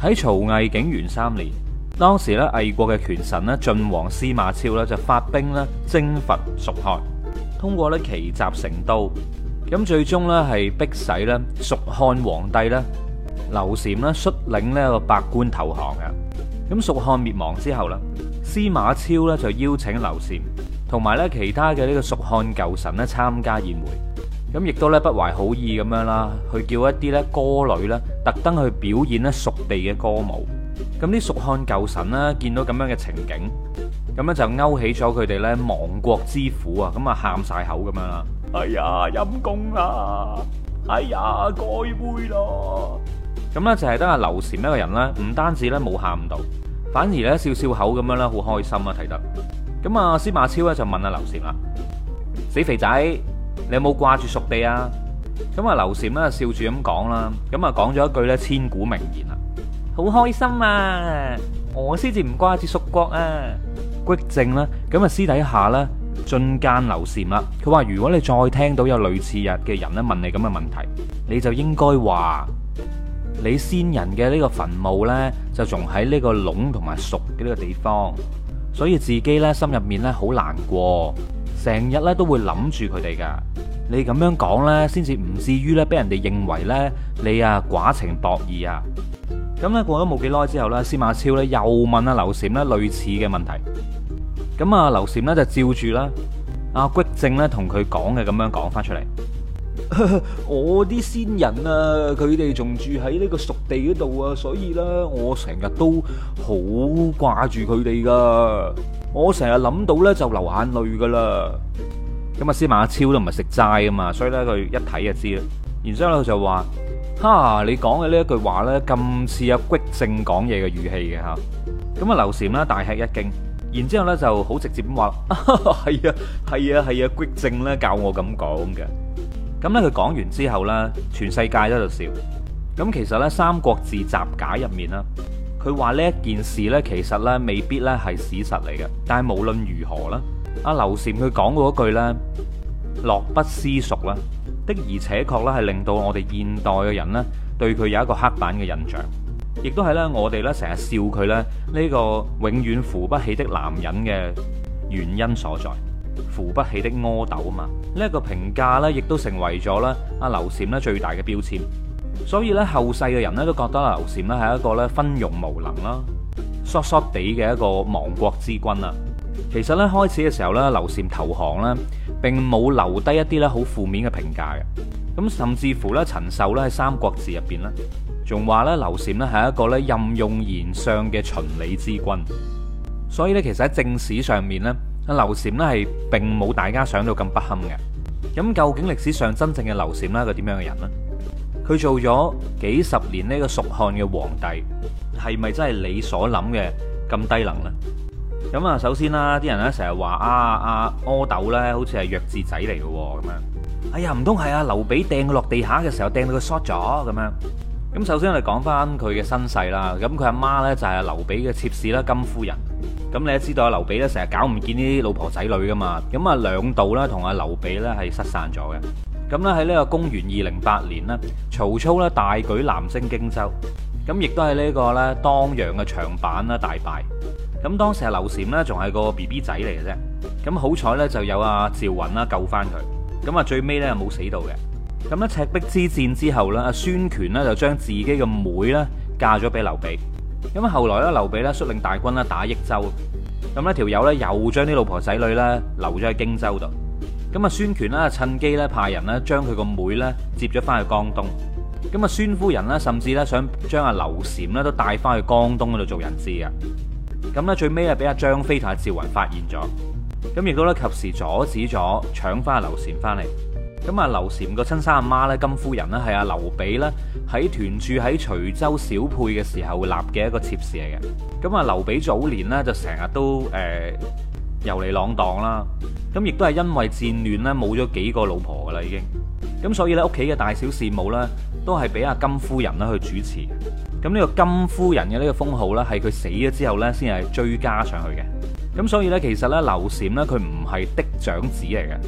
喺曹魏景元三年，當時咧魏國嘅權臣咧晉王司馬昭咧就發兵咧征伐蜀漢，通過咧奇襲成都，咁最終咧係逼使咧蜀漢皇帝咧劉禪咧率領呢個百官投降啊！咁蜀漢滅亡之後司馬昭咧就邀請劉禪同埋咧其他嘅呢個蜀漢舊臣咧參加宴會。咁亦都咧不懷好意咁樣啦，去叫一啲咧歌女咧特登去表演咧蜀地嘅歌舞。咁啲蜀漢舊臣呢，見到咁樣嘅情景，咁樣就勾起咗佢哋咧亡國之苦啊！咁啊喊晒口咁樣啦。哎呀，陰功啦！哎呀，該煨咯！咁咧就係得阿劉禪一個人咧，唔單止咧冇喊到，反而咧笑一笑口咁樣咧好開心啊睇得。咁啊司馬超咧就問阿劉禪啦：死肥仔！你有冇掛住蜀地啊？咁啊，劉禪呢笑住咁講啦，咁啊講咗一句呢，千古名言啦，好開心啊！我先至唔掛住蜀國啊！郤正啦！」咁啊私底下呢，進諫劉禪啦，佢話如果你再聽到有類似日嘅人呢，問你咁嘅問題，你就應該話你先人嘅呢個墳墓呢，就仲喺呢個隴同埋蜀嘅呢個地方，所以自己呢，心入面呢，好難過。成日咧都會諗住佢哋噶，你咁樣講咧，先至唔至於咧，俾人哋認為咧你啊寡情薄義啊。咁咧過咗冇幾耐之後咧，司馬超咧又問阿劉禪咧類似嘅問題。咁啊劉禪咧就照住啦，阿穀正咧同佢講嘅咁樣講翻出嚟。我啲先人啊，佢哋仲住喺呢個蜀地度啊，所以咧我成日都好掛住佢哋噶。我成日諗到咧就流眼淚噶啦，咁啊司馬超都唔係食齋噶嘛，所以咧佢一睇就知啦。然之後咧佢就話：，哈，你講嘅呢一句話咧咁似阿穀正講嘢嘅語氣嘅吓。咁啊劉禪咧大吃一驚，然之後咧就好直接咁話：，係啊係啊係啊，穀正咧教我咁講嘅。咁咧佢講完之後咧，全世界都喺度笑。咁其實咧《三國志》集解入面啦。佢話呢一件事呢，其實呢未必呢係史實嚟嘅。但係無論如何啦，阿劉禪佢講嗰句呢：「樂不思蜀」啦，的而且確啦係令到我哋現代嘅人呢對佢有一個刻板嘅印象，亦都係呢我哋呢成日笑佢呢，呢個永遠扶不起的男人嘅原因所在，扶不起的阿斗嘛。呢、這、一個評價咧，亦都成為咗呢阿劉禪呢最大嘅標籤。所以咧，後世嘅人咧都覺得劉禪呢係一個咧昏庸無能啦、縮縮地嘅一個亡國之君啊。其實咧開始嘅時候咧，劉禪投降呢並冇留低一啲咧好負面嘅評價嘅。咁甚至乎咧，陳壽咧喺《三國志》入邊呢仲話咧劉禪呢係一個咧任用賢相嘅循理之君。所以咧，其實喺正史上面咧，阿劉禪呢係並冇大家想到咁不堪嘅。咁究竟歷史上真正嘅劉禪呢咧係個點樣嘅人呢？佢做咗幾十年呢個蜀漢嘅皇帝，係咪真係你所諗嘅咁低能咧？咁啊，首先啦，啲人咧成日話啊啊阿斗咧，好似係弱智仔嚟嘅喎咁樣。哎呀，唔通係阿劉備掟佢落地下嘅時候掟到佢摔咗咁樣？咁首先我哋講翻佢嘅身世啦。咁佢阿媽咧就係阿劉備嘅妾侍啦，甘夫人。咁你都知道阿劉備咧成日搞唔見啲老婆仔女噶嘛？咁啊兩度咧，同阿劉備咧係失散咗嘅。咁咧喺呢個公元二零八年咧，曹操咧大舉南征荊州，咁亦都係呢個咧當陽嘅長坂啦大敗。咁當時係劉禪咧仲係個 BB 仔嚟嘅啫，咁好彩咧就有阿趙雲啦救翻佢。咁啊最尾咧冇死到嘅。咁咧赤壁之戰之後咧，阿孫權咧就將自己嘅妹咧嫁咗俾劉備。咁後來咧劉備咧率領大軍咧打益州，咁咧條友咧又將啲老婆仔女咧留咗喺荊州度。咁啊，孫權咧趁機咧派人呢，將佢個妹呢接咗翻去江東。咁啊，孫夫人呢，甚至呢想將阿劉禪呢都帶翻去江東嗰度做人質啊。咁呢，最尾啊，俾阿張飛同阿趙雲發現咗。咁亦都咧及時阻止咗搶翻阿劉禪翻嚟。咁啊，劉禪個親生阿媽呢，金夫人呢，係阿劉備呢喺屯駐喺徐州小沛嘅時候立嘅一個妾侍嚟嘅。咁啊，劉備早年呢，就成日都誒，遊嚟浪蕩啦，咁亦都係因為戰亂呢，冇咗幾個老婆噶啦，已經，咁所以呢，屋企嘅大小事務呢，都係俾阿金夫人呢去主持。咁呢個金夫人嘅呢個封號呢，係佢死咗之後呢先係追加上去嘅。咁所以呢，其實呢，劉禪呢，佢唔係嫡長子嚟嘅。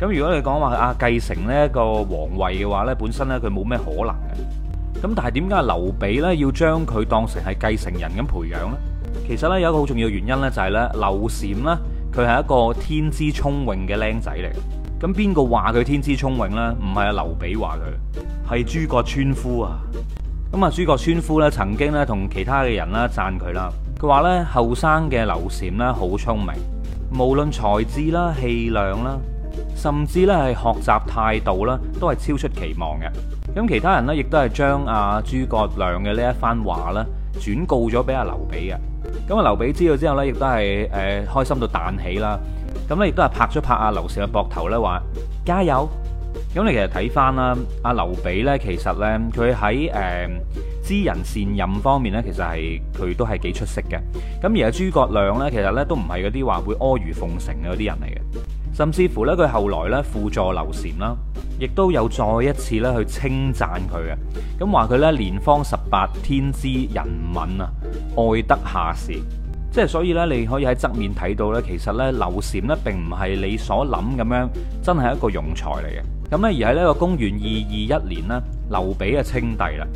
咁如果你講話啊繼承呢一個皇位嘅話呢，本身呢，佢冇咩可能嘅。咁但係點解劉備呢要將佢當成係繼承人咁培養呢？其實呢，有一個好重要原因，就是，呢，就係呢，劉禪呢。佢係一個天資聰穎嘅僆仔嚟，咁邊個話佢天資聰穎呢？唔係阿劉備話佢，係諸葛村夫啊！咁啊，諸葛村夫咧，曾經咧同其他嘅人啦讚佢啦，佢話呢，後生嘅劉禪呢好聰明，無論才智啦、氣量啦，甚至咧係學習態度啦，都係超出期望嘅。咁其他人呢，亦都係將阿諸葛亮嘅呢一番話啦轉告咗俾阿劉備嘅。咁啊，劉備知道之後呢，亦都係誒、呃、開心到彈起啦。咁咧，亦都係拍咗拍阿劉禪嘅膊頭呢，話加油。咁你其實睇翻，啦，阿劉備呢，其實呢，佢喺誒知人善任方面呢，其實係佢都係幾出色嘅。咁而家諸葛亮呢，其實呢，都唔係嗰啲話會阿諛奉承嘅嗰啲人嚟嘅。.甚至乎呢，佢後來呢，輔助劉禪啦，亦都有再一次呢去稱讚佢嘅，咁話佢呢，年方十八，天資仁敏啊，愛德下士，即係所以呢，你可以喺側面睇到呢，其實呢，劉禪呢並唔係你所諗咁樣，真係一個庸才嚟嘅。咁呢，而喺呢個公元二二一年呢，劉備啊稱帝啦。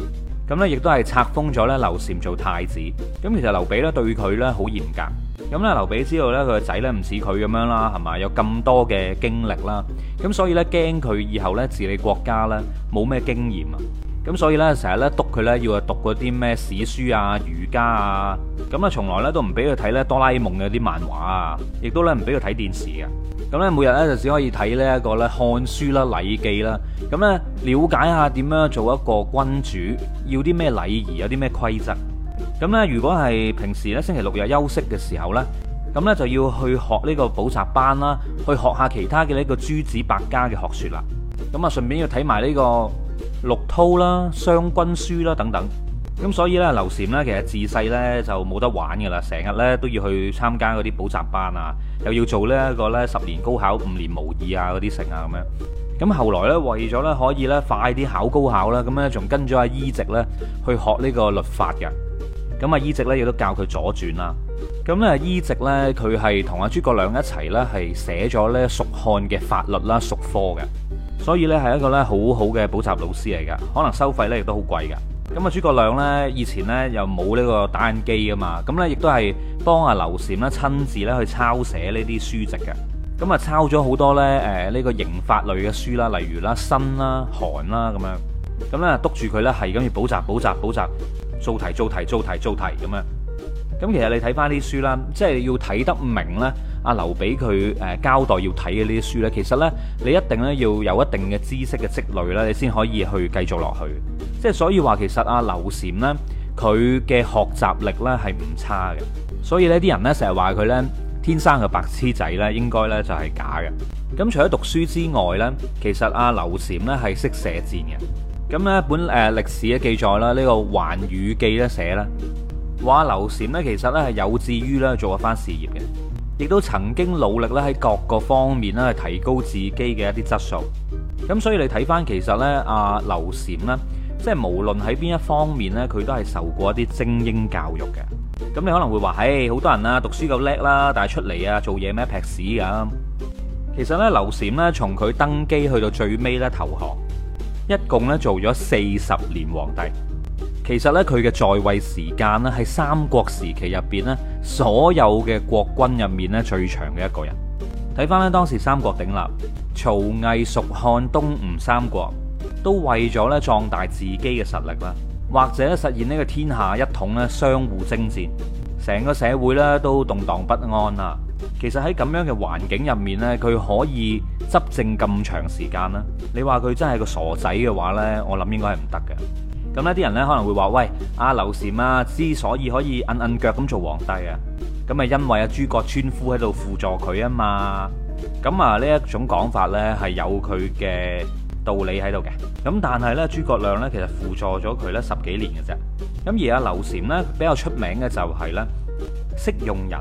咁咧，亦都係拆封咗咧，劉禪做太子。咁其實劉備咧對佢咧好嚴格。咁咧，劉備知道咧佢個仔咧唔似佢咁樣啦，係嘛，有咁多嘅經歷啦。咁所以咧驚佢以後咧治理國家咧冇咩經驗啊。咁所以咧成日咧督佢咧要讀嗰啲咩史書啊、儒家啊。咁呢從來咧都唔俾佢睇咧哆啦 A 夢嘅啲漫畫啊，亦都咧唔俾佢睇電視嘅。咁咧每日咧就只可以睇呢一個咧《漢書》啦，《禮記》啦，咁咧了解一下點樣做一個君主，要啲咩禮儀，有啲咩規則。咁咧如果係平時咧星期六日休息嘅時候咧，咁咧就要去學呢個補習班啦，去學下其他嘅呢個諸子百家嘅學説啦。咁啊順便要睇埋呢個《六韜》啦，《商君書》啦等等。咁所以咧，劉禪咧，其實自細咧就冇得玩噶啦，成日咧都要去參加嗰啲補習班啊，又要做咧個咧十年高考五年模擬啊嗰啲剩啊咁樣。咁後來咧，為咗咧可以咧快啲考高考啦，咁咧仲跟咗阿伊籍咧去學呢個律法嘅。咁阿伊籍咧亦都教佢左傳啦。咁咧，伊籍咧佢係同阿諸葛亮一齊咧係寫咗咧蜀漢嘅法律啦、蜀科嘅。所以咧係一個咧好好嘅補習老師嚟噶可能收費咧亦都好貴噶咁啊，諸葛亮呢，以前呢又冇呢個打印機啊嘛，咁呢亦都係幫阿劉禪呢親自咧去抄寫呢啲書籍嘅。咁啊，抄咗好多呢誒呢個刑法類嘅書啦，例如啦《申》啦《韓》啦咁樣。咁呢督住佢呢係咁要補習補習補習，做題做題做題做題咁樣。咁其實你睇翻啲書啦，即係要睇得明呢阿劉備佢誒交代要睇嘅呢啲書呢，其實呢，你一定呢要有一定嘅知識嘅積累呢，你先可以去繼續落去。即係，所以話其實阿劉禪呢，佢嘅學習力呢係唔差嘅。所以呢啲人呢，成日話佢呢天生嘅白痴仔呢，應該呢就係假嘅。咁除咗讀書之外呢，其實阿劉禪呢係識寫字嘅。咁呢本誒歷史嘅記載啦，呢個《環宇記》呢寫啦，話劉禪呢，其實呢係有志於呢做一番事業嘅，亦都曾經努力咧喺各個方面咧提高自己嘅一啲質素。咁所以你睇翻其實呢阿劉禪呢。即係無論喺邊一方面呢，佢都係受過一啲精英教育嘅。咁你可能會話：唉，好多人啊，讀書夠叻啦，但係出嚟啊做嘢咩劈屎噶。其實呢，劉禪呢，從佢登基去到最尾咧投降，一共呢做咗四十年皇帝。其實呢，佢嘅在位時間呢，係三國時期入邊呢所有嘅國君入面呢最長嘅一個人。睇翻呢，當時三國鼎立，曹魏、蜀漢、東吳三國。都為咗咧壯大自己嘅實力啦，或者實現呢個天下一統咧，相互征戰，成個社會咧都動盪不安啊。其實喺咁樣嘅環境入面咧，佢可以執政咁長時間啦。你話佢真係個傻仔嘅話咧，我諗應該係唔得嘅。咁呢啲人咧可能會話喂，阿劉禪啊，劉啊，之所以可以摁摁腳咁做皇帝啊，咁啊因為阿諸葛村夫喺度輔助佢啊嘛。咁啊呢一種講法呢係有佢嘅。道理喺度嘅，咁但係咧，諸葛亮咧其實輔助咗佢咧十幾年嘅啫。咁而阿劉禪咧比較出名嘅就係咧識用人，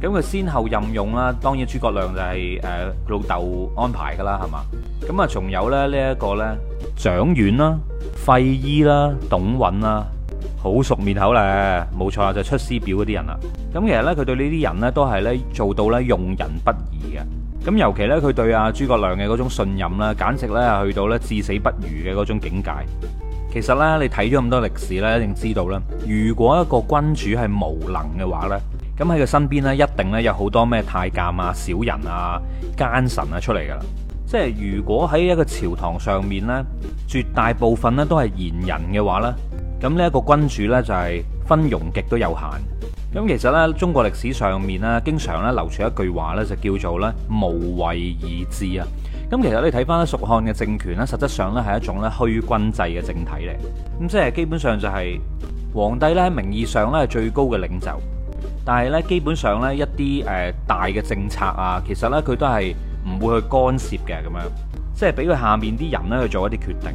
咁佢先後任用啦，當然諸葛亮就係誒老豆安排噶啦，係嘛。咁啊仲有咧呢一個咧蔣琬啦、費禕啦、董允啦，好熟面口啦。冇錯啊，就出師表嗰啲人啦。咁其實咧佢對呢啲人咧都係咧做到咧用人不疑嘅。咁尤其呢，佢對啊諸葛亮嘅嗰種信任呢，簡直呢，去到呢至死不渝嘅嗰種境界。其實呢，你睇咗咁多歷史呢，一定知道啦。如果一個君主係無能嘅話呢，咁喺佢身邊呢，一定呢有好多咩太監啊、小人啊、奸臣啊出嚟㗎喇。即係如果喺一個朝堂上面呢，絕大部分呢都係賢人嘅話呢，咁呢一個君主呢，就係昏庸極都有限。咁其實呢，中國歷史上面呢，經常呢流傳一句話呢就叫做呢無為而治啊。咁其實你睇翻呢，蜀漢嘅政權呢實質上呢係一種呢虛君制嘅政體嚟。咁即係基本上就係皇帝呢名義上呢係最高嘅領袖，但係呢，基本上呢一啲誒、呃、大嘅政策啊，其實呢佢都係唔會去干涉嘅咁樣，即係俾佢下面啲人呢去做一啲決定，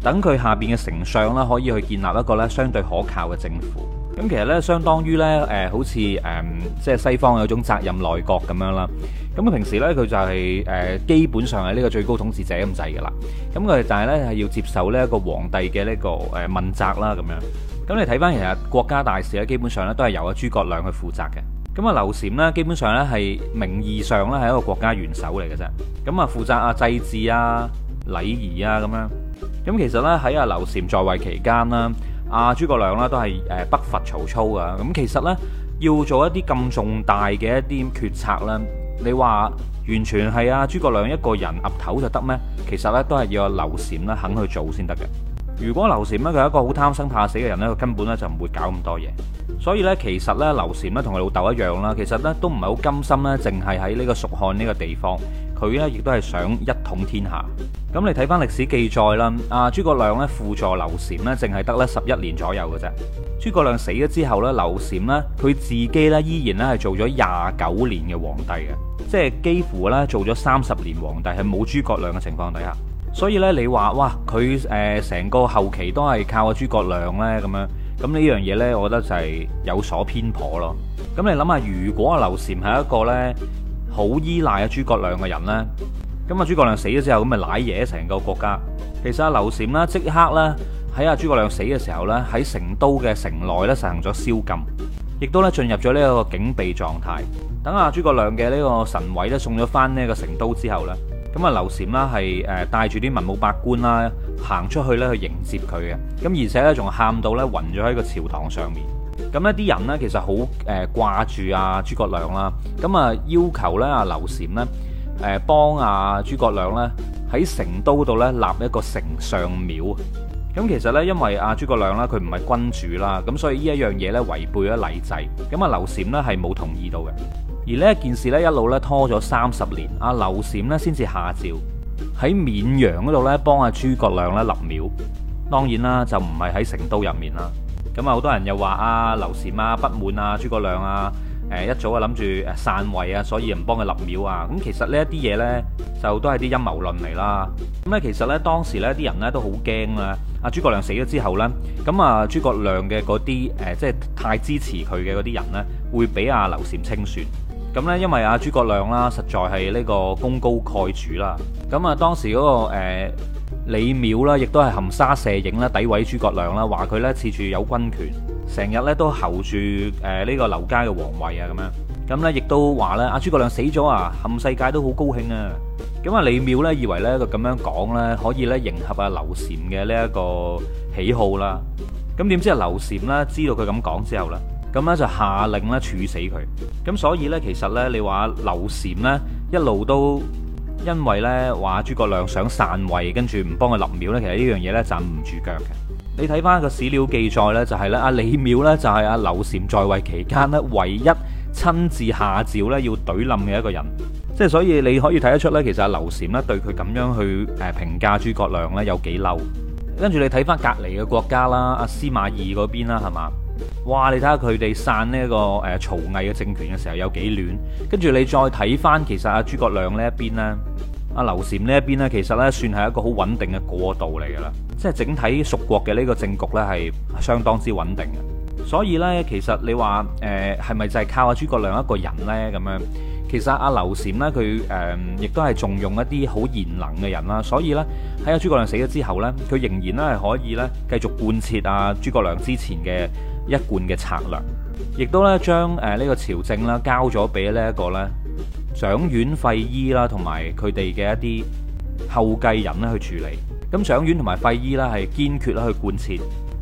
等佢下邊嘅丞相呢可以去建立一個呢相對可靠嘅政府。咁佢其實咧，相當於咧，誒，好似誒，即係西方有種責任內閣咁樣啦。咁佢平時咧，佢就係誒，基本上係呢個最高統治者咁制噶啦。咁佢但係咧係要接受呢一個皇帝嘅呢個誒問責啦。咁樣咁你睇翻，其實國家大事咧，基本上咧都係由阿諸葛亮去負責嘅。咁啊，劉禪咧，基本上咧係名義上咧係一個國家元首嚟嘅啫。咁啊，負責啊祭祀啊、禮儀啊咁樣。咁其實咧喺阿劉禪在位期間啦。阿諸葛亮都係誒北伐曹操㗎。咁其實呢，要做一啲咁重大嘅一啲決策呢，你話完全係阿諸葛亮一個人岌頭就得咩？其實呢，都係要劉禪呢肯去做先得嘅。如果劉禪呢佢係一個好貪生怕死嘅人呢，佢根本呢就唔會搞咁多嘢。所以呢，其實呢，劉禪呢同佢老豆一樣啦，其實呢都唔係好甘心呢，淨係喺呢個蜀漢呢個地方。佢咧亦都係想一統天下，咁你睇翻歷史記載啦，啊，諸葛亮咧輔助劉禪呢，淨係得咧十一年左右嘅啫。諸葛亮死咗之後咧，劉禪呢，佢自己咧依然咧係做咗廿九年嘅皇帝嘅，即係幾乎咧做咗三十年皇帝係冇諸葛亮嘅情況底下，所以咧你話哇，佢誒成個後期都係靠啊諸葛亮咧咁樣，咁呢樣嘢呢，我覺得就係有所偏頗咯。咁你諗下，如果劉禪係一個呢。好依賴啊，諸葛亮嘅人呢。咁啊，諸葛亮死咗之後，咁咪瀨嘢成個國家。其實阿劉禪呢，即刻啦，喺阿諸葛亮死嘅時候呢，喺成都嘅城內呢，實行咗宵禁，亦都咧進入咗呢一個警備狀態。等啊諸葛亮嘅呢個神位呢，送咗翻呢個成都之後呢，咁啊劉禪呢，係誒帶住啲文武百官啦行出去呢，去迎接佢嘅，咁而且呢，仲喊到呢，暈咗喺個朝堂上面。咁呢啲人呢，其實好誒掛住啊諸葛亮啦，咁啊要求咧阿劉禪呢，誒幫阿諸葛亮咧喺成都度咧立一個丞相廟。咁其實呢，因為阿諸葛亮啦，佢唔係君主啦，咁所以呢一樣嘢呢，違背咗禮制。咁啊劉禪呢，係冇同意到嘅。而呢一件事呢，一路咧拖咗三十年，阿劉禪呢，先至下詔喺綿陽嗰度咧幫阿諸葛亮咧立廟。當然啦，就唔係喺成都入面啦。咁啊，好多人又話啊，劉禪啊不滿啊，諸葛亮啊，誒一早啊諗住散位啊，所以唔幫佢立廟啊。咁其實呢一啲嘢呢，就都係啲陰謀論嚟啦。咁咧，其實呢，當時呢啲人呢都好驚啦。阿諸葛亮死咗之後呢，咁啊諸葛亮嘅嗰啲誒即係太支持佢嘅嗰啲人呢，會俾阿劉禪清算。咁咧，因為阿諸葛亮啦，實在係呢個功高蓋主啦。咁啊，當時嗰個誒李邈啦，亦都係含沙射影啦，詆毀諸葛亮啦，話佢咧恃住有軍權，成日咧都候住誒呢個劉家嘅皇位啊咁樣。咁咧，亦都話咧，阿諸葛亮死咗啊，冚世界都好高興啊。咁啊，李邈咧以為咧，佢咁樣講咧，可以咧迎合阿劉禪嘅呢一個喜好啦。咁點知阿劉禪啦，知道佢咁講之後咧。咁咧就下令咧處死佢，咁所以呢，其實呢，你話劉禪呢一路都因為呢話諸葛亮想禪位，跟住唔幫佢立廟呢，其實呢樣嘢呢，站唔住腳嘅。你睇翻個史料記載呢，就係呢阿李邈呢，就係阿劉禪在位期間呢，唯一親自下詔呢要懟冧嘅一個人，即係所以你可以睇得出呢，其實阿劉禪呢對佢咁樣去誒評價諸葛亮呢有幾嬲，跟住你睇翻隔籬嘅國家啦，阿司馬懿嗰邊啦係嘛？哇！你睇下佢哋散呢，這個誒曹魏嘅政權嘅時候有幾亂，跟住你再睇翻其實阿諸葛亮呢一邊呢，阿劉禪呢一邊呢，其實算係一個好穩定嘅過渡嚟噶啦，即、就、係、是、整體蜀國嘅呢個政局呢，係相當之穩定嘅。所以呢，其實你話誒係咪就係靠阿、啊、諸葛亮一個人呢？咁樣？其實阿劉禪呢，佢誒、呃、亦都係重用一啲好賢能嘅人啦，所以呢，喺阿諸葛亮死咗之後呢，佢仍然咧係可以呢繼續貫徹阿諸葛亮之前嘅。一貫嘅策略，亦都咧將誒呢個朝政啦交咗俾呢一個咧蔣琬費禕啦，同埋佢哋嘅一啲後繼人咧去處理。咁蔣琬同埋費禕咧係堅決咧去貫徹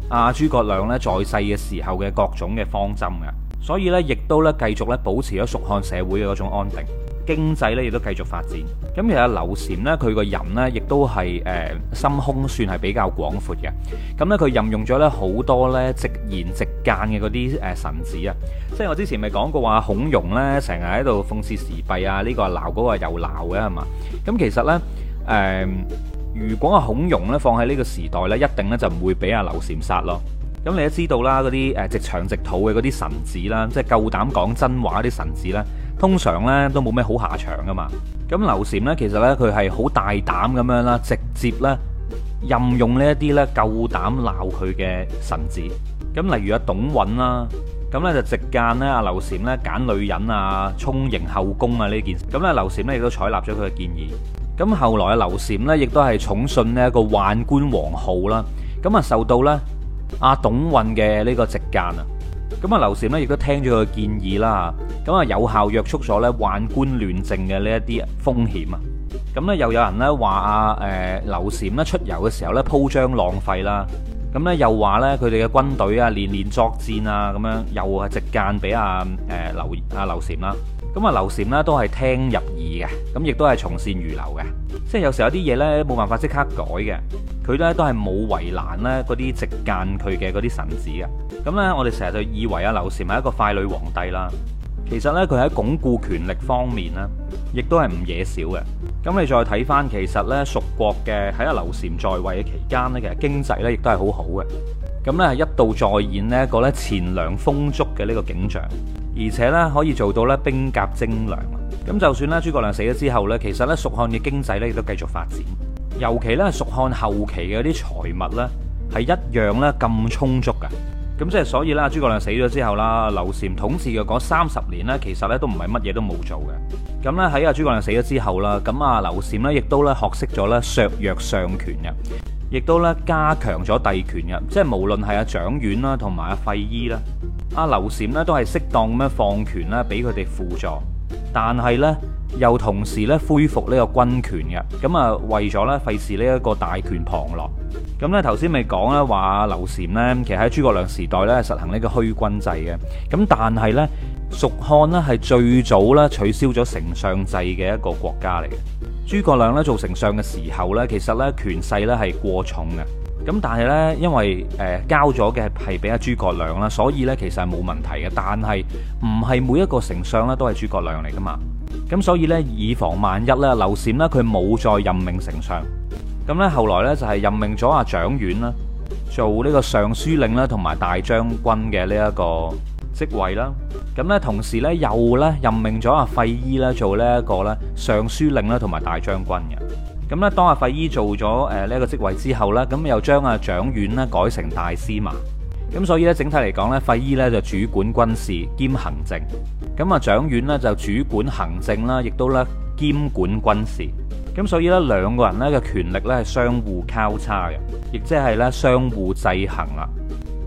阿諸葛亮咧在世嘅時候嘅各種嘅方針嘅，所以咧亦都咧繼續咧保持咗蜀漢社會嘅嗰種安定。經濟咧亦都繼續發展，咁其實劉禪呢，佢個人呢亦都係誒心胸算係比較廣闊嘅，咁、嗯、呢，佢任用咗呢好多呢直言直諫嘅嗰啲誒臣子啊，即係我之前咪講過話孔融呢成日喺度諷刺時弊啊，呢、這個鬧、啊、嗰個、啊、又鬧嘅係嘛，咁、嗯、其實呢，誒、呃、如果阿孔融呢放喺呢個時代呢，一定呢就唔會俾阿劉禪殺咯，咁、嗯、你都知道啦，嗰啲誒直腸直肚嘅嗰啲臣子啦，即係夠膽講真話啲臣子咧。通常咧都冇咩好下場噶嘛，咁劉禪咧其實咧佢係好大膽咁樣啦，直接咧任用呢一啲咧夠膽鬧佢嘅臣子，咁例如阿董允啦，咁咧就直諫咧阿劉禪咧揀女人啊、充盈後宮啊呢件事，咁咧劉禪咧亦都採納咗佢嘅建議，咁後來阿劉禪咧亦都係寵信呢一個宦官黃皓啦，咁啊受到咧阿董允嘅呢個直諫啊。咁啊，劉禪呢亦都聽咗佢嘅建議啦，咁啊有效約束咗呢宦官亂政嘅呢一啲風險啊。咁呢又有人呢話啊，誒劉禪咧出遊嘅時候呢鋪張浪費啦，咁呢又話呢佢哋嘅軍隊啊連連作戰啊咁樣又係直諫俾阿誒劉阿劉禪啦。咁啊，劉禪呢都係聽入耳嘅，咁亦都係從善如流嘅，即係有時候有啲嘢呢冇辦法即刻改嘅，佢呢都係冇為難呢嗰啲直諫佢嘅嗰啲臣子嘅。咁呢，我哋成日就以為啊，劉禪係一個傀儡皇帝啦，其實呢，佢喺鞏固權力方面呢亦都係唔惹少嘅。咁你再睇翻，其實呢蜀國嘅喺阿劉禪在位嘅期間呢，其實經濟呢亦都係好好嘅。咁呢，一度再現呢一個呢錢糧豐足嘅呢個景象。而且咧可以做到咧兵甲精良。咁就算咧諸葛亮死咗之後呢，其實呢，蜀漢嘅經濟呢亦都繼續發展，尤其呢，蜀漢後期嘅啲財物呢，係一樣咧咁充足嘅。咁即係所以咧諸葛亮死咗之後啦，劉禪統治嘅嗰三十年呢，其實呢都唔係乜嘢都冇做嘅。咁呢，喺阿諸葛亮死咗之後啦，咁阿劉禪呢亦都咧學識咗呢，削弱相權嘅，亦都呢加強咗帝權嘅，即係無論係阿蔣琬啦同埋阿費禕啦。阿劉禪都係適當咁樣放權咧，俾佢哋輔助，但係又同時恢復呢個軍權嘅，咁啊為咗咧費事呢一個大權旁落。咁咧頭先咪講啦，話劉禪呢，其實喺諸葛亮時代咧實行呢個虛君制嘅，咁但係呢，蜀漢咧係最早取消咗丞相制嘅一個國家嚟嘅。諸葛亮做丞相嘅時候，其實咧權勢咧係過重嘅。咁但係咧，因為誒交咗嘅係俾阿諸葛亮啦，所以咧其實係冇問題嘅。但係唔係每一個丞相咧都係諸葛亮嚟㗎嘛？咁所以咧以防萬一咧，劉禪咧佢冇再任命丞相，咁咧後來咧就係任命咗阿蔣琬啦做呢個尚書令啦同埋大將軍嘅呢一個職位啦。咁咧同時咧又咧任命咗阿費禕啦做咧一個咧尚書令啦同埋大將軍嘅。咁咧，當阿費禕做咗誒呢一個職位之後呢，咁又將阿蔣琬呢改成大司馬，咁所以呢，整體嚟講呢費禕呢就主管軍事兼行政，咁啊蔣琬呢就主管行政啦，亦都咧兼管軍事，咁所以呢，兩個人呢嘅權力呢係相互交叉嘅，亦即係呢相互制衡啦。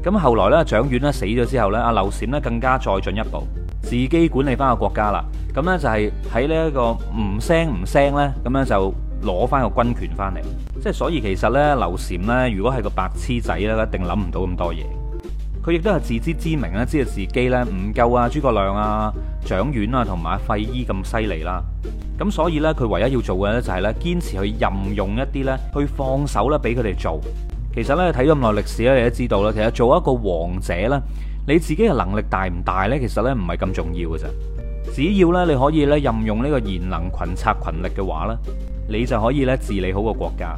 咁後來呢，蔣琬呢死咗之後呢阿劉禪呢更加再進一步，自己管理翻個國家啦。咁呢就係喺呢一個唔聲唔聲呢，咁咧就攞翻個軍權翻嚟，即係所以其實呢，劉禪呢，如果係個白痴仔呢，一定諗唔到咁多嘢。佢亦都係自知之明咧，知道自己呢唔夠啊諸葛亮啊蔣琬啊同埋阿費禕咁犀利啦。咁所以呢，佢唯一要做嘅呢，就係呢堅持去任用一啲呢，去放手呢俾佢哋做。其實呢，睇咗咁耐歷史咧，你都知道啦。其實做一個王者呢，你自己嘅能力大唔大呢？其實呢，唔係咁重要嘅啫。只要呢，你可以呢任用呢個賢能群策群力嘅話呢，你就可以咧治理好個國家。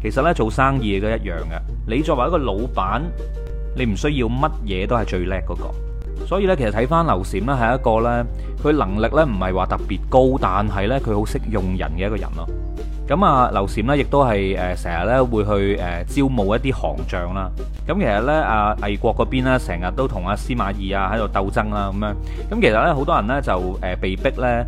其實咧做生意都一樣嘅，你作為一個老闆，你唔需要乜嘢都係最叻嗰個。所以咧，其實睇翻劉禪咧係一個咧佢能力咧唔係話特別高，但係咧佢好識用人嘅一個人咯。咁啊，劉禪咧亦都係誒成日咧會去誒招募一啲行將啦。咁其實咧啊魏國嗰邊咧成日都同阿司馬懿啊喺度鬥爭啦咁樣。咁其實咧好多人咧就誒被逼咧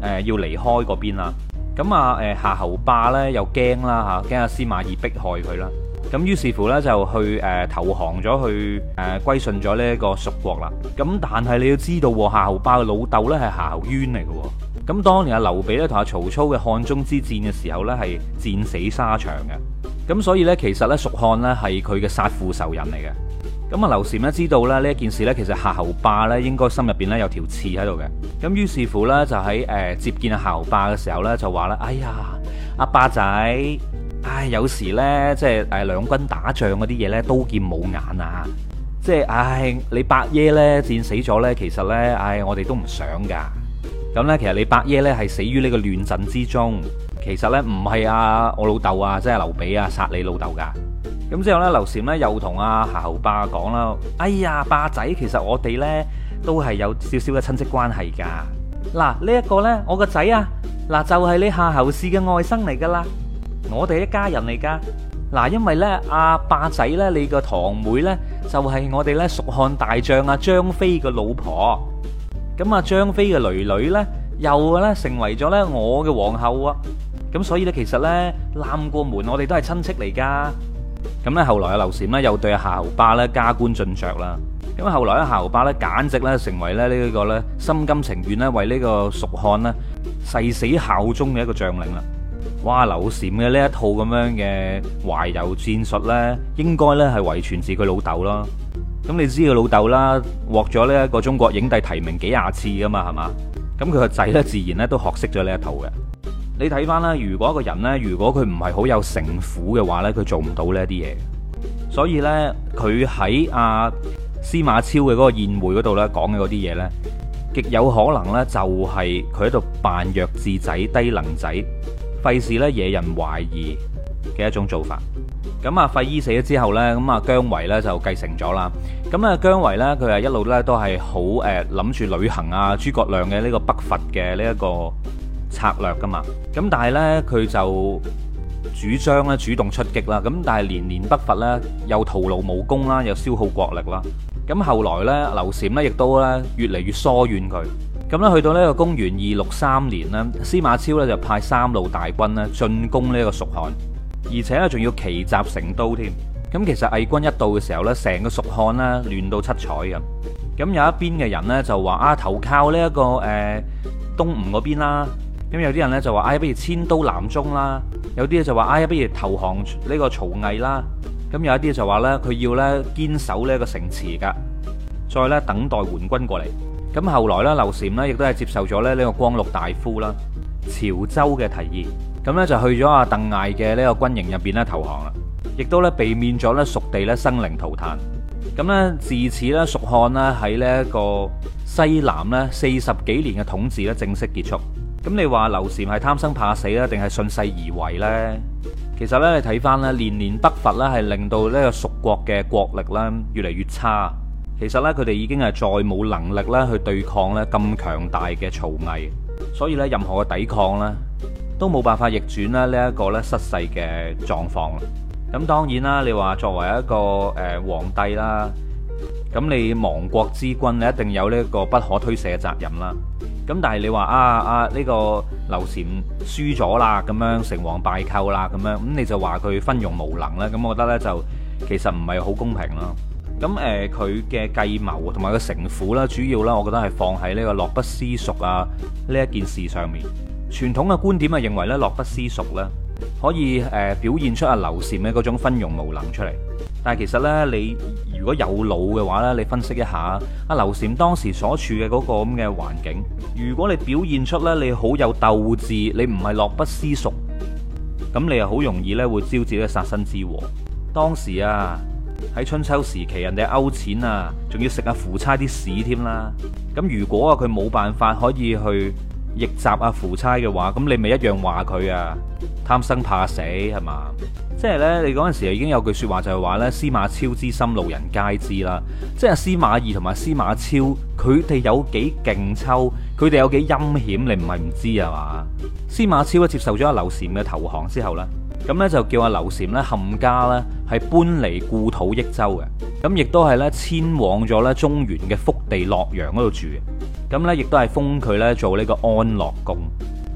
誒要離開嗰邊啦。咁啊，誒夏侯霸咧又驚啦嚇，驚阿司馬懿迫害佢啦。咁於是乎咧就去誒投降咗去誒歸順咗呢一個蜀國啦。咁但係你要知道夏侯霸嘅老豆咧係夏侯淵嚟嘅。咁當年阿劉備咧同阿曹操嘅漢中之戰嘅時候咧係戰死沙場嘅。咁所以咧其實咧蜀漢咧係佢嘅殺父仇人嚟嘅。咁啊，劉禪咧知道咧呢一件事咧，其實夏侯霸咧應該心入邊咧有條刺喺度嘅。咁於是乎咧，就喺誒接見夏侯霸嘅時候咧，就話啦哎呀，阿霸仔，唉、哎，有時咧即係誒兩軍打仗嗰啲嘢咧刀劍冇眼啊，即係唉、哎、你伯爺咧戰死咗咧，其實咧唉、哎、我哋都唔想噶。咁咧，其實你伯爺咧係死於呢個亂陣之中。其實咧唔係啊，我老豆啊，即係劉備啊，殺你老豆噶。咁之後咧，劉禪呢，又同阿、啊、夏侯霸講啦，哎呀，霸仔，其實我哋呢，都係有少少嘅親戚關係噶。嗱，呢一個呢，我個仔啊，嗱就係、是、你夏侯氏嘅外甥嚟噶啦。我哋一家人嚟噶。嗱，因為呢，阿霸仔呢，你個堂妹呢，就係、是、我哋呢，蜀漢大將啊，張飛嘅老婆。咁啊，張飛嘅女女呢，又呢，成為咗呢，我嘅皇后啊。咁所以咧，其實咧，攬過門，我哋都係親戚嚟噶。咁咧，後來啊，劉禪呢，又對夏侯霸咧加官進爵啦。咁後來咧，夏侯霸咧簡直咧成為咧呢一個咧心甘情願咧為呢個蜀漢呢，誓死效忠嘅一個將領啦。哇！劉禪嘅呢一套咁樣嘅懷柔戰術咧，應該咧係遺傳自佢老豆囉。咁你知佢老豆啦，獲咗呢一個中國影帝提名幾廿次噶嘛，係嘛？咁佢個仔咧自然咧都學識咗呢一套嘅。你睇翻咧，如果一個人呢，如果佢唔係好有城府嘅話呢，佢做唔到呢啲嘢。所以呢，佢喺阿司馬昭嘅嗰個宴會嗰度呢，講嘅嗰啲嘢呢，極有可能呢就係佢喺度扮弱智仔、低能仔，費事呢惹人懷疑嘅一種做法。咁啊，費禕死咗之後呢，咁啊姜維呢就繼承咗啦。咁啊姜維呢，佢係一路呢都係好誒諗住履行啊，諸葛亮嘅呢個北伐嘅呢一個。策略噶嘛，咁但係呢，佢就主張咧主動出擊啦。咁但係年年北伐呢，又徒勞無功啦，又消耗國力啦。咁後來呢，劉禪呢亦都咧越嚟越疏遠佢。咁呢，去到呢個公元二六三年呢，司馬昭呢就派三路大軍呢進攻呢一個蜀漢，而且呢仲要奇襲成都添。咁其實魏軍一到嘅時候呢，成個蜀漢呢亂到七彩啊。咁有一邊嘅人呢，就話啊，投靠呢、這、一個誒、呃、東吳嗰邊啦。.咁有啲人咧就話，哎，不如遷都南中啦，有啲就話，哎，不如投降呢個曹魏啦。咁有一啲就話咧，佢要咧堅守呢個城池噶，再咧等待援軍過嚟。咁後來咧，劉禪呢亦都係接受咗咧呢個光祿大夫啦潮州嘅提議，咁咧就去咗阿鄧艾嘅呢個軍營入面咧投降啦，亦都咧避免咗咧蜀地咧生靈塗炭。咁咧自此咧蜀漢呢喺呢一個西南咧四十幾年嘅統治咧正式結束。咁你話劉禪係貪生怕死定係順勢而為呢？其實呢，你睇翻，咧年年北伐呢係令到呢個蜀國嘅國力呢越嚟越差。其實呢，佢哋已經係再冇能力咧去對抗呢咁強大嘅曹魏。所以呢，任何嘅抵抗呢都冇辦法逆轉咧呢一個呢失勢嘅狀況。咁當然啦，你話作為一個誒、呃、皇帝啦，咁你亡國之君，你一定有呢個不可推卸嘅責任啦。咁但係你話啊，啊呢個劉禪輸咗啦，咁樣成王敗寇啦，咁樣咁你就話佢昏庸無能啦。咁我覺得呢，就其實唔係好公平咯。咁誒，佢嘅計謀同埋個城府咧，主要呢，我覺得係放喺呢個樂不思蜀啊呢一件事上面。傳統嘅觀點啊，認為呢「樂不思蜀」呢，可以誒表現出阿劉禪嘅嗰種昏庸無能出嚟。但係其實呢，你如果有腦嘅話呢，你分析一下阿劉禪當時所處嘅嗰個咁嘅環境，如果你表現出呢，你好有鬥志，你唔係樂不思蜀，咁你又好容易呢會招致呢殺身之禍。當時啊，喺春秋時期，人哋勾踐啊，仲要食阿、啊、夫差啲屎添啦。咁如果啊佢冇辦法可以去逆襲阿、啊、夫差嘅話，咁你咪一樣話佢啊。貪生怕死係嘛，即係呢，你嗰陣時已經有句說話就係話呢，司馬昭之心路人皆知啦。即係司馬懿同埋司馬超，佢哋有幾勁抽，佢哋有幾陰險，你唔係唔知係嘛？司馬昭咧接受咗阿劉禪嘅投降之後呢，咁呢，就叫阿劉禪呢冚家呢係搬離故土益州嘅，咁亦都係呢，遷往咗呢中原嘅福地洛陽嗰度住嘅，咁咧亦都係封佢呢做呢個安樂公。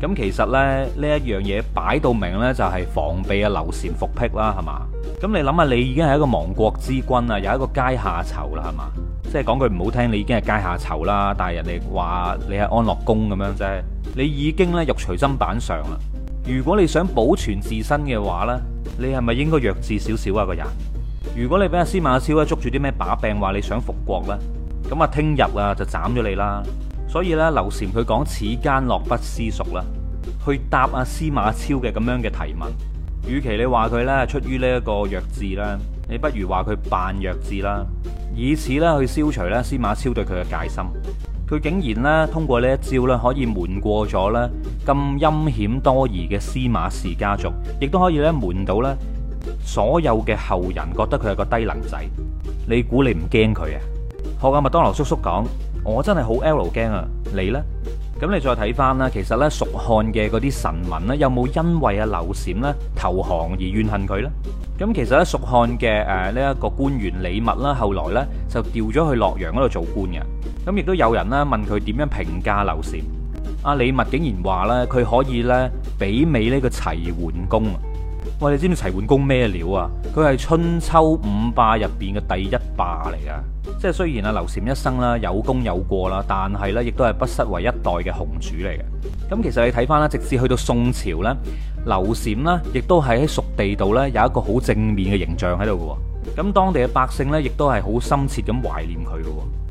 咁其實咧，呢一樣嘢擺到明呢，就係防備啊劉禪復辟啦，係嘛？咁你諗下，你已經係一個亡國之君啊，有一個階下囚啦，係嘛？即係講句唔好聽，你已經係階下囚啦，但係人哋話你係安樂公咁樣啫。你已經呢肉隨砧板上啦。如果你想保存自身嘅話呢，你係咪應該弱智少少啊個人？如果你俾阿司馬昭咧捉住啲咩把柄，話你想復國呢，咁啊聽日啊就斬咗你啦！所以咧，劉禪佢講此間樂不思蜀啦，去答阿司馬超嘅咁樣嘅提問。與其你話佢咧出於呢一個弱智啦，你不如話佢扮弱智啦，以此咧去消除咧司馬超對佢嘅戒心。佢竟然咧通過呢一招咧可以瞞過咗咧咁陰險多疑嘅司馬氏家族，亦都可以咧瞞到咧所有嘅後人覺得佢係個低能仔。你估你唔驚佢啊？學下麥當勞叔叔講。我真係好 L 驚啊！你呢？咁你再睇翻啦，其實呢，蜀漢嘅嗰啲臣民呢，有冇因為阿劉禪呢投降而怨恨佢呢？咁其實呢，蜀漢嘅誒呢一個官員李密啦，後來呢，就調咗去洛陽嗰度做官嘅。咁亦都有人呢問佢點樣評價劉禪，阿李密竟然話呢，佢可以呢，媲美呢個齊桓公。喂，你知唔知齊桓公咩料啊？佢係春秋五霸入邊嘅第一霸嚟噶。即係雖然啊，劉禪一生啦有功有過啦，但係咧亦都係不失為一代嘅雄主嚟嘅。咁其實你睇翻啦，直至去到宋朝咧，劉禪咧亦都係喺蜀地度咧有一個好正面嘅形象喺度嘅。咁當地嘅百姓咧亦都係好深切咁懷念佢嘅。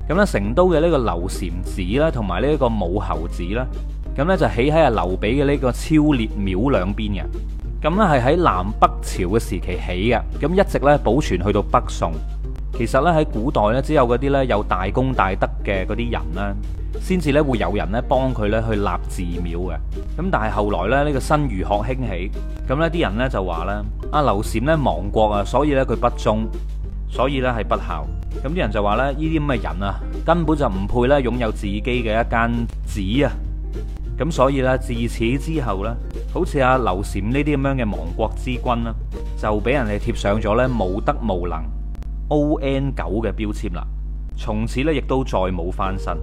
咁咧成都嘅呢個劉禪寺咧同埋呢一個武侯寺咧，咁咧就起喺啊劉備嘅呢個超烈廟兩邊嘅。咁咧係喺南北朝嘅時期起嘅，咁一直咧保存去到北宋。其實咧喺古代咧，只有嗰啲咧有大功大德嘅嗰啲人咧，先至咧會有人咧幫佢咧去立寺廟嘅。咁但係後來咧呢個新儒學興起，咁呢啲人咧就話咧，阿劉禪咧亡國啊，所以咧佢不忠，所以咧係不孝。咁啲人就話咧，呢啲咁嘅人啊，根本就唔配咧擁有自己嘅一間寺啊。咁所以咧自此之後咧，好似阿劉禪呢啲咁樣嘅亡國之君啦，就俾人哋貼上咗咧冇德冇能。ON9 嘅標籤啦，從此咧亦都再冇翻身。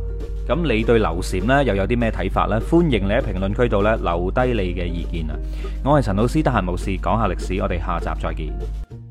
咁你對劉禪呢又有啲咩睇法呢？歡迎你喺評論區度咧留低你嘅意見啊！我係陳老 C，得閒無事講下歷史，我哋下集再見。